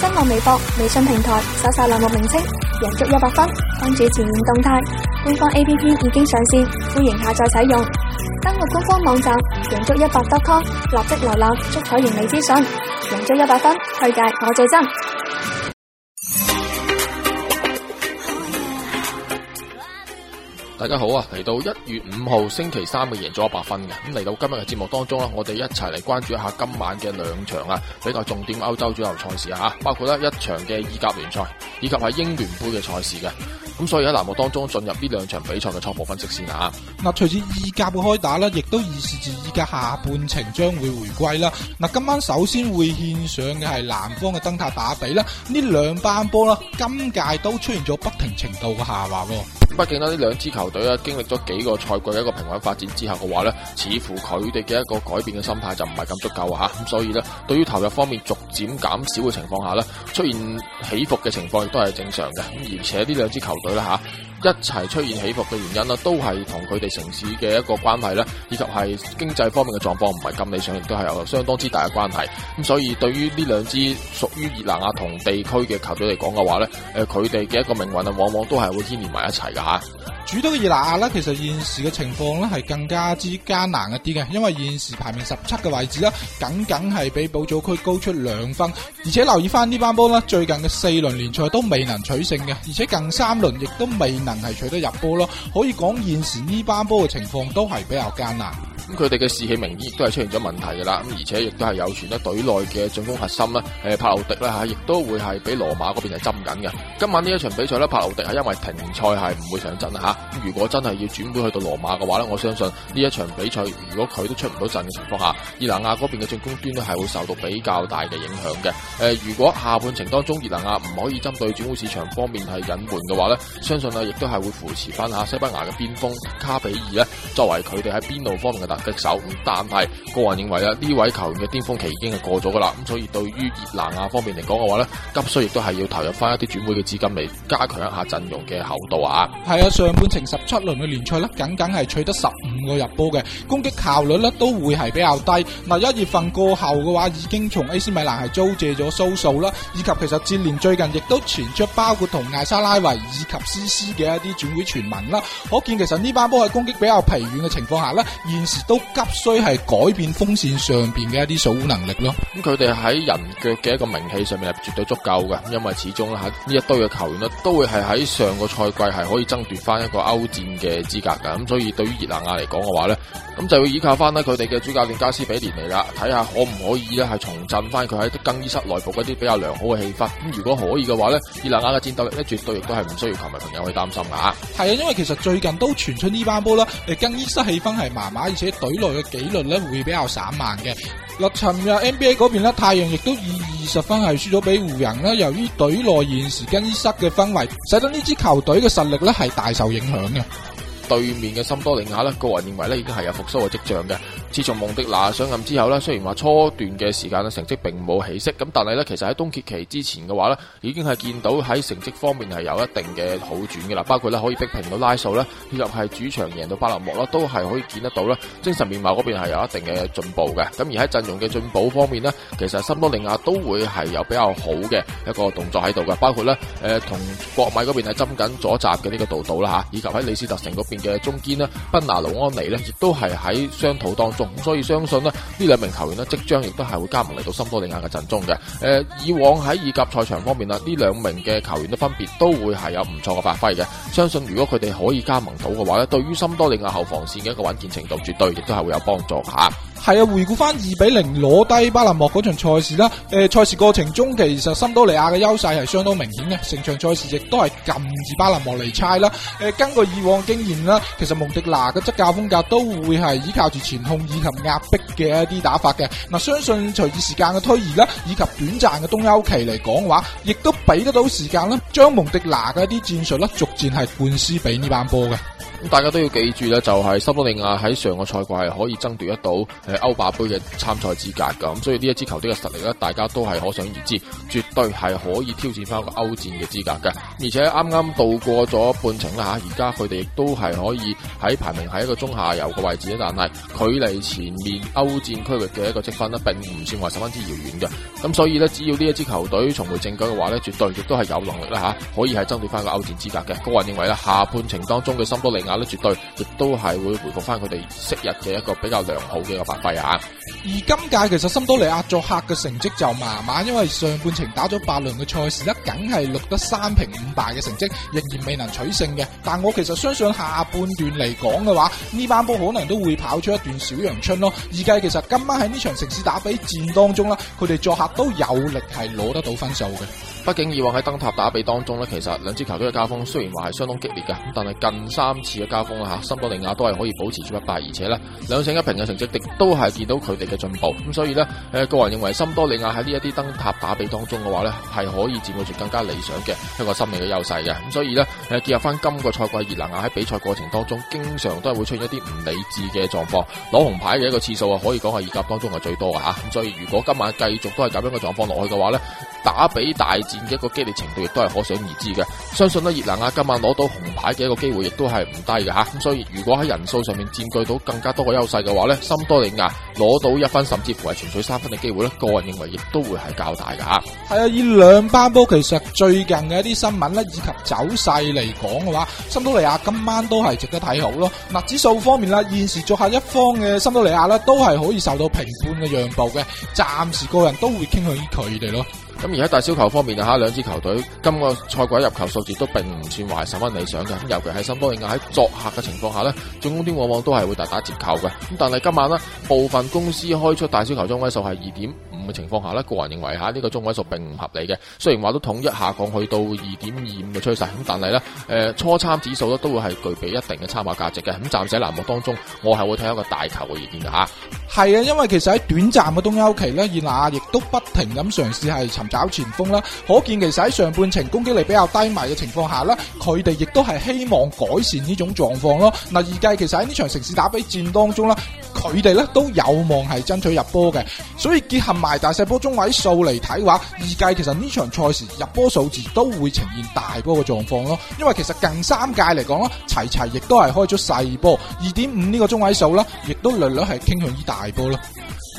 新浪微博、微信平台，搜索欄目名稱“贏足一百分”，關注前沿動態。官方 APP 已經上線，歡迎下載使用。登錄官方網站“贏足一百 .com”，立即瀏覽足彩盈利資訊。贏足一百分，推介我最真。大家好啊！嚟到一月五號星期三嘅贏咗一百分嘅，咁嚟到今日嘅節目當中啦，我哋一齊嚟關注一下今晚嘅兩場啊，比較重點嘅歐洲主流賽事啊，包括咧一場嘅意甲聯賽，以及係英聯杯嘅賽事嘅，咁，所以喺欄目當中進入呢兩場比賽嘅初步分析先啊。嗱，隨住意甲嘅開打咧，亦都預示住意甲下半程將會回歸啦。嗱，今晚首先會獻上嘅係南方嘅燈塔打比啦，呢兩班波啦，今屆都出現咗不停程度嘅下滑喎。畢竟呢兩支球隊咧，經歷咗幾個賽季一個平穩發展之後嘅話呢，似乎佢哋嘅一個改變嘅心態就唔係咁足夠啊，咁所以呢，對於投入方面逐漸減少嘅情況下呢，出現起伏嘅情況亦都係正常嘅，而且呢兩支球隊咧吓。一齊出現起伏嘅原因啦，都係同佢哋城市嘅一個關係咧，以及係經濟方面嘅狀況唔係咁理想，亦都係有相當之大嘅關係。咁所以對於呢兩支屬於熱那亞同地區嘅球隊嚟講嘅話咧，誒，佢哋嘅一個命運啊，往往都係會牽連埋一齊嘅吓。主導嘅熱那亞呢，其實現時嘅情況咧係更加之艱難一啲嘅，因為現時排名十七嘅位置啦，僅僅係比保組區高出兩分，而且留意翻呢班波啦，最近嘅四輪聯賽都未能取勝嘅，而且近三輪亦都未能。係取得入波咯，可以講現時呢班波嘅情況都係比較艱難。咁佢哋嘅士氣明顯亦都係出現咗問題噶啦，咁而且亦都係有傳得隊內嘅進攻核心啦。誒帕勞迪啦吓，亦都會係俾羅馬嗰邊係針緊嘅。今晚呢一場比賽咧，帕勞迪係因為停賽係唔會上陣吓。如果真係要轉會去到羅馬嘅話咧，我相信呢一場比賽如果佢都出唔到陣嘅情況下，厄拿亞嗰邊嘅進攻端咧係會受到比較大嘅影響嘅。誒，如果下半程當中厄拿亞唔可以針對轉會市場方面係隱瞞嘅話咧，相信啊亦都係會扶持翻下西班牙嘅邊鋒卡比爾咧，作為佢哋喺邊路方面嘅。擊手，但係個人認為咧，呢位球員嘅巔峰期已經係過咗噶啦，咁所以對於熱那亞方面嚟講嘅話咧，急需亦都係要投入翻一啲轉會嘅資金嚟加強一下陣容嘅厚度啊。係啊，上半程十七輪嘅聯賽呢，僅僅係取得十五個入波嘅攻擊效率呢都會係比較低。嗱，一月份過後嘅話，已經從 AC 米蘭係租借咗蘇數啦，so, 以及其實接連最近亦都傳出包括同艾莎拉維以及 C.C. 嘅一啲轉會傳聞啦，可見其實呢班波係攻擊比較疲軟嘅情況下呢。現都急需係改變鋒綫上邊嘅一啲守護能力咯。咁佢哋喺人腳嘅一個名氣上面係絕對足夠嘅，因為始終啦吓呢一堆嘅球員呢，都會係喺上個賽季係可以爭奪翻一個歐戰嘅資格噶咁所以對於熱那亞嚟講嘅話咧，咁就要依靠翻咧佢哋嘅主教練加斯比連嚟啦，睇下可唔可以咧係重振翻佢喺更衣室內部嗰啲比較良好嘅氣氛。咁如果可以嘅話咧，熱那亞嘅戰鬥力咧絕對亦都係唔需要球迷朋友去擔心噶係啊，因為其實最近都傳出呢班波啦，誒更衣室氣氛係麻麻。且隊內嘅紀律咧會比較散漫嘅。嗱，尋日 NBA 嗰邊咧，太陽亦都以二,二十分係輸咗俾湖人啦。由於隊內現時更衣室嘅氛圍，使得呢支球隊嘅實力咧係大受影響嘅。對面嘅森多利亞呢個人認為呢，已經係有復甦嘅跡象嘅。自從蒙迪拿上任之後呢，雖然話初段嘅時間呢成績並冇起色，咁但係呢其實喺冬歇期之前嘅話呢，已經係見到喺成績方面係有一定嘅好轉嘅啦。包括呢可以逼平到拉素，咧，以及係主場贏到巴勒莫啦，都係可以見得到啦。精神面貌嗰邊係有一定嘅進步嘅。咁而喺陣容嘅進步方面呢，其實森多利亞都會係有比較好嘅一個動作喺度嘅，包括同國米嗰邊係針緊左閘嘅呢個道道啦，以及喺李斯特城嗰邊嘅中堅咧，賓拿盧安尼呢亦都係喺商討當中，所以相信咧呢兩名球員呢，即將亦都係會加盟嚟到森多利亞嘅陣中嘅。誒、呃，以往喺意甲賽場方面啊，呢兩名嘅球員都分別都會係有唔錯嘅發揮嘅。相信如果佢哋可以加盟到嘅話咧，對於森多利亞後防線嘅一個穩健程度，絕對亦都係會有幫助嚇。係啊，回顧翻二比零攞低巴勒莫嗰場賽事啦，誒、呃，賽事過程中其實森多利亞嘅優勢係相當明顯嘅，成場賽事亦都係撳住巴勒莫嚟猜啦。誒、呃，根據以往經驗啦，其實蒙迪拿嘅執教風格都會係依靠住前控以及壓迫嘅一啲打法嘅。嗱、呃，相信隨住時間嘅推移啦，以及短暫嘅冬休期嚟講話，亦都俾得到時間啦，將蒙迪拿嘅一啲戰術啦，逐漸係灌輸俾呢班波嘅。咁大家都要記住咧，就係森多利亞喺上個賽季係可以爭奪得到誒歐霸杯嘅參賽資格噶，咁所以呢一支球隊嘅實力咧，大家都係可想而知，絕對係可以挑戰翻個歐戰嘅資格嘅。而且啱啱度過咗半程啦吓，而家佢哋亦都係可以喺排名喺一個中下游嘅位置，但係距離前面歐戰區域嘅一個積分呢，並唔算話十分之遙遠嘅。咁所以咧，只要呢一支球隊重回正軌嘅話咧，絕對亦都係有能力啦吓，可以係爭奪翻個歐戰資格嘅。個人認為咧，下半程當中嘅森多利亞。啊！咧，絕對亦都係會回復翻佢哋昔日嘅一個比較良好嘅一個發揮吓。而今屆其實，森多利亞作客嘅成績就麻麻，因為上半程打咗八輪嘅賽事一梗係錄得三平五敗嘅成績，仍然未能取勝嘅。但我其實相信下半段嚟講嘅話，呢班波可能都會跑出一段小陽春咯。而家其實今晚喺呢場城市打比戰當中咧，佢哋作客都有力係攞得到分數嘅。畢竟以往喺燈塔打比當中咧，其實兩支球隊嘅交鋒雖然話係相當激烈嘅，但係近三次嘅交鋒啦吓，森多利亞都係可以保持住不敗，而且咧兩勝一平嘅成績，都係見到佢哋嘅進步。咁所以咧，誒個人認為森多利亞喺呢一啲燈塔打比當中嘅話咧，係可以佔據住更加理想嘅一個心理嘅優勢嘅。咁所以咧，誒結合翻今個賽季熱那亞喺比賽過程當中，經常都係會出現一啲唔理智嘅狀況，攞紅牌嘅一個次數啊，可以講係意甲當中係最多嘅吓。咁所以如果今晚繼續都係咁樣嘅狀況落去嘅話咧，打比大戰嘅一個激烈程度亦都係可想而知嘅，相信咧熱那亞今晚攞到紅牌嘅一個機會亦都係唔低嘅吓，咁所以如果喺人數上面佔據到更加多嘅優勢嘅話咧，森多利亞攞到一分甚至乎係全取三分嘅機會咧，個人認為亦都會係較大嘅吓。係啊，以兩班波其實最近嘅一啲新聞咧以及走勢嚟講嘅話，森多利亞今晚都係值得睇好咯。嗱，指數方面啦，現時作客一方嘅森多利亞咧，都係可以受到平半嘅讓步嘅，暫時個人都會傾向於佢哋咯。咁而喺大小球方面啊，兩兩支球隊今個賽季入球數字都並唔算話係十分理想嘅。尤其係森多利亞喺作客嘅情況下咧，進攻端往往都係會大打折扣嘅。咁但係今晚咧，部分公司開出大小球中位數係二點。情況下咧，個人認為吓呢個中位數並唔合理嘅。雖然話都統一下降去到二點二五嘅趨勢，咁但係咧，誒初參指數咧都會係具備一定嘅參考價值嘅。咁暫時喺欄目當中，我係會睇一個大球嘅意見噶吓係啊，因為其實喺短暫嘅冬休期咧，熱那亞亦都不停咁嘗試係尋找前鋒啦。可見其實喺上半程攻擊力比較低迷嘅情況下咧，佢哋亦都係希望改善呢種狀況咯。嗱，二計其實喺呢場城市打比戰當中啦。佢哋咧都有望係爭取入波嘅，所以結合埋大細波中位數嚟睇話，二屆其實呢場賽事入波數字都會呈現大波嘅狀況咯。因為其實近三屆嚟講咯，齊齊亦都係開咗細波，二點五呢個中位數啦，亦都略略係傾向於大波咯。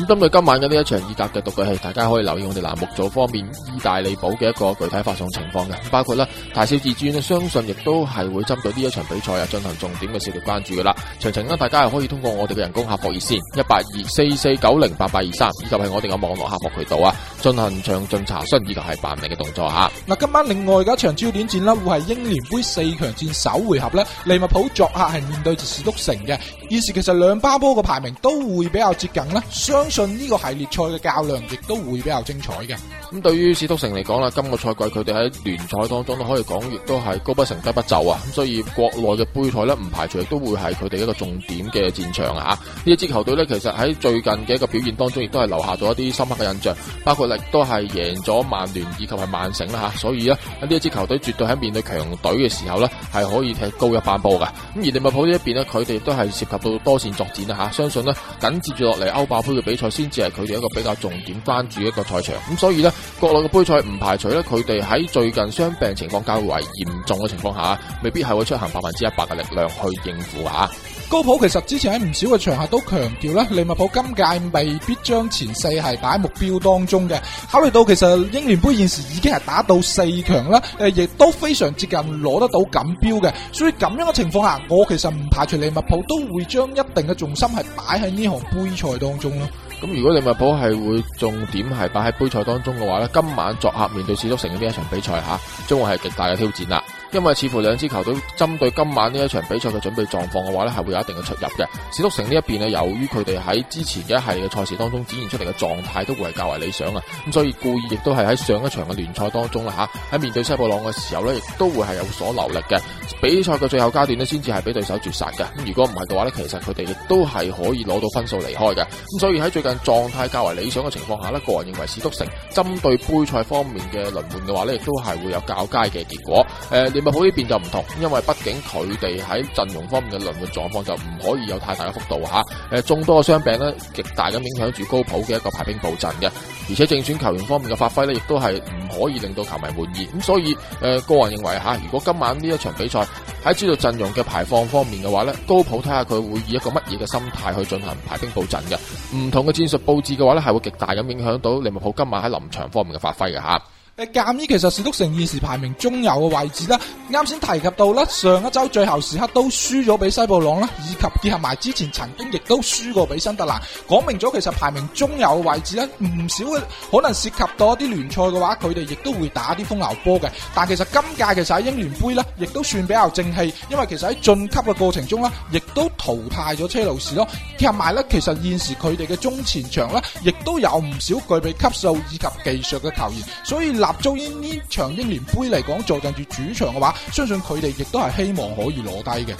咁針對今晚嘅呢一場意甲嘅對決，係大家可以留意我哋欄目組方面意大利寶嘅一個具體發送情況嘅，包括啦大小自轉，相信亦都係會針對呢一場比賽啊進行重點嘅系列關注噶啦。詳情咧，大家係可以通過我哋嘅人工客服熱線一八二四四九零八八二三，23, 以及係我哋嘅網絡客服渠道啊。進行詳盡查詢以及係辦理嘅動作吓。嗱，今晚另外嘅一場焦點戰咧，會係英聯盃四強戰首回合咧，利物浦作客係面對著史篤城嘅。現時其實兩巴波嘅排名都會比較接近咧，相信呢個系列賽嘅較量亦都會比較精彩嘅。咁、嗯、對於史篤城嚟講啦，今、這個賽季佢哋喺聯賽當中都可以講，亦都係高不成低不就啊！咁所以國內嘅杯賽咧，唔排除亦都會係佢哋一個重點嘅戰場啊！呢一支球隊咧，其實喺最近嘅一個表現當中，亦都係留下咗一啲深刻嘅印象，包括力都係贏咗曼聯以及係曼城啦吓。所以咧，呢一支球隊絕對喺面對強隊嘅時候咧，係可以踢高一班波嘅。咁而利物浦呢一邊咧，佢哋都係涉及到多線作戰啦吓，相信咧緊接住落嚟歐霸杯嘅比賽，先至係佢哋一個比較重點關注嘅一個賽場。咁所以咧。國內嘅杯賽唔排除咧，佢哋喺最近傷病情況較為嚴重嘅情況下，未必係會出行百分之一百嘅力量去應付吓。高普其實之前喺唔少嘅場合都強調咧，利物浦今屆未必將前四係擺喺目標當中嘅。考慮到其實英聯盃現時已經係打到四強啦，誒，亦都非常接近攞得到錦標嘅。所以咁樣嘅情況下，我其實唔排除利物浦都會將一定嘅重心係擺喺呢項杯賽當中咯。咁如果利物浦係會重點擺喺杯賽當中嘅話咧，今晚作客面對史篤城嘅呢一場比賽吓，將會係極大嘅挑戰啦。因為似乎兩支球隊針對今晚呢一場比賽嘅準備狀況嘅話呢，係會有一定嘅出入嘅。史篤城呢一邊咧，由於佢哋喺之前嘅一系列嘅賽事當中展現出嚟嘅狀態，都會係較為理想啊。咁所以故意亦都係喺上一場嘅聯賽當中啦，吓喺面對西布朗嘅時候呢，亦都會係有所留力嘅。比賽嘅最後階段呢，先至係俾對手絕殺嘅。咁如果唔係嘅話呢，其實佢哋亦都係可以攞到分數離開嘅。咁所以喺最近狀態較為理想嘅情況下呢，個人認為史篤城針對杯賽方面嘅輪換嘅話呢，亦都係會有較佳嘅結果。誒、呃。利物浦呢邊就唔同，因為畢竟佢哋喺陣容方面嘅輪換狀況就唔可以有太大嘅幅度吓。誒，眾多嘅傷病呢，極大咁影響住高普嘅一個排兵佈陣嘅，而且正選球員方面嘅發揮呢，亦都係唔可以令到球迷滿意。咁所以誒、呃，個人認為吓，如果今晚呢一場比賽喺知道陣容嘅排放方面嘅話呢，高普睇下佢會以一個乜嘢嘅心態去進行排兵佈陣嘅，唔同嘅戰術佈置嘅話呢，係會極大咁影響到利物浦今晚喺臨場方面嘅發揮嘅吓。鑒於其實史篤城現時排名中游嘅位置啦，啱先提及到啦，上一周最後時刻都輸咗俾西布朗啦，以及結合埋之前曾經亦都輸過俾新特蘭，講明咗其實排名中游嘅位置咧，唔少嘅可能涉及到一啲聯賽嘅話，佢哋亦都會打啲風流波嘅。但其實今屆其實喺英聯盃咧，亦都算比較正氣，因為其實喺晉級嘅過程中咧，亦都淘汰咗車路士咯。結合埋咧，其實現時佢哋嘅中前場咧，亦都有唔少具備級數以及技術嘅球員，所以合租呢呢場英聯杯嚟講，坐鎮住主場嘅話，相信佢哋亦都係希望可以攞低嘅。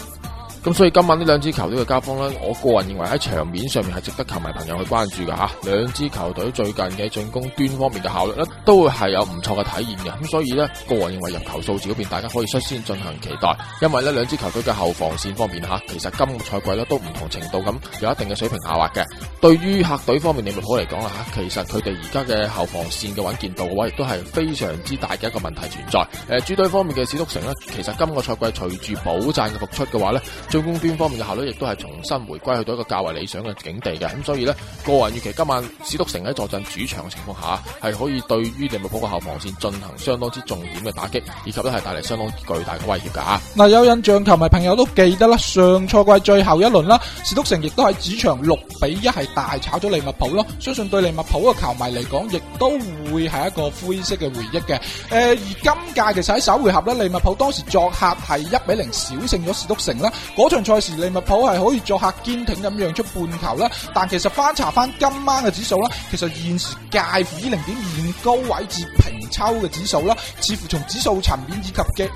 咁所以今晚呢兩支球隊嘅交鋒咧，我個人認為喺場面上面係值得球迷朋友去關注嘅吓，兩支球隊最近嘅進攻端方面嘅效率咧，都係有唔錯嘅體現嘅。咁所以咧，個人認為入球數字嗰邊大家可以率先進行期待，因為咧兩支球隊嘅後防線方面吓，其實今個賽季咧都唔同程度咁有一定嘅水平下滑嘅。對於客隊方面利物浦嚟講啊吓，其實佢哋而家嘅後防線嘅穩健度嘅話，亦都係非常之大嘅一個問題存在。誒、呃，主隊方面嘅史篤成咧，其實今個賽季隨住補贊嘅復出嘅話咧。進攻端方面嘅效率亦都係重新回歸去到一個較為理想嘅境地嘅，咁所以呢，個人預期今晚史篤城喺坐鎮主場嘅情況下，係可以對於利物浦個後防線進行相當之重點嘅打擊，以及都係帶嚟相當巨大嘅威脅噶。嗱，有印象球迷朋友都記得啦，上賽季最後一輪啦，史篤城亦都喺主場六比一係大炒咗利物浦咯，相信對利物浦嘅球迷嚟講，亦都會係一個灰色嘅回憶嘅。誒，而今屆其實喺首回合呢，利物浦當時作客係一比零小勝咗史篤城啦。嗰場賽事利物浦係可以作客堅挺咁讓出半球啦，但其實翻查翻今晚嘅指數啦，其實現時介乎零點二高位至平。抽嘅指數啦，似乎從指數層面以及嘅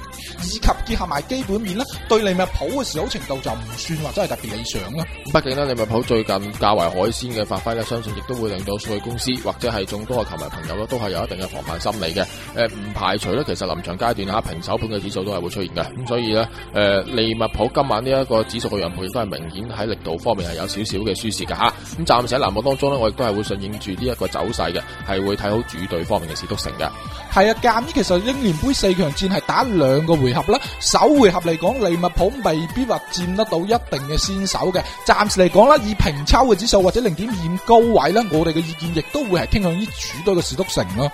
以及結合埋基本面啦，對利物浦嘅睇好程度就唔算話真係特別理想啦。畢竟呢，利物浦最近較為海鮮嘅發揮呢，相信亦都會令到數據公司或者係眾多嘅球迷朋友咧，都係有一定嘅防範心理嘅。誒，唔排除呢，其實臨場階段吓平手盤嘅指數都係會出現嘅。咁所以呢，誒、呃、利物浦今晚呢一個指數嘅讓賠亦都係明顯喺力度方面係有少少嘅輸蝕嘅吓。咁、啊、暫時喺欄目當中呢，我亦都係會順應住呢一個走勢嘅，係會睇好主隊方面嘅史篤城嘅。係啊，鑑於其實英聯盃四強戰係打兩個回合啦，首回合嚟講，利物浦未必話佔得到一定嘅先手嘅。暫時嚟講啦，以平抽嘅指數或者零點二五高位咧，我哋嘅意見亦都會係傾向於主隊嘅士篤城咯。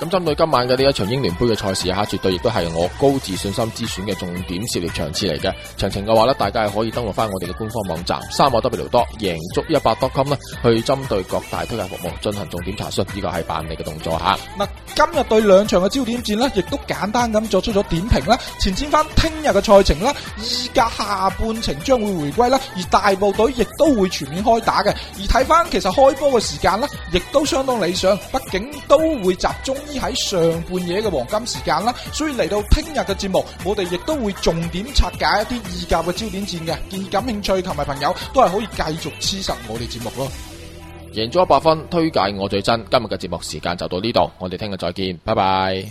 咁針對今晚嘅呢一場英聯盃嘅賽事吓，絕對亦都係我高自信心之選嘅重點涉獵場次嚟嘅。詳情嘅話咧，大家係可以登錄翻我哋嘅官方網站三個 W 多贏足一百多金啦，去針對各大推介服務進行重點查詢，呢個係辦理嘅動作吓。嗱，今日對兩場嘅焦點戰呢亦都簡單咁作出咗點評啦。前瞻翻聽日嘅賽程啦，依家下半程將會回歸啦，而大部隊亦都會全面開打嘅。而睇翻其實開波嘅時間呢亦都相當理想，畢竟都會集中。喺上半夜嘅黃金時間啦，所以嚟到聽日嘅節目，我哋亦都會重點拆解一啲意甲嘅焦點戰嘅，建議感興趣同埋朋友都係可以繼續黐實我哋節目咯。贏足一百分，推介我最真。今日嘅節目時間就到呢度，我哋聽日再見，拜拜。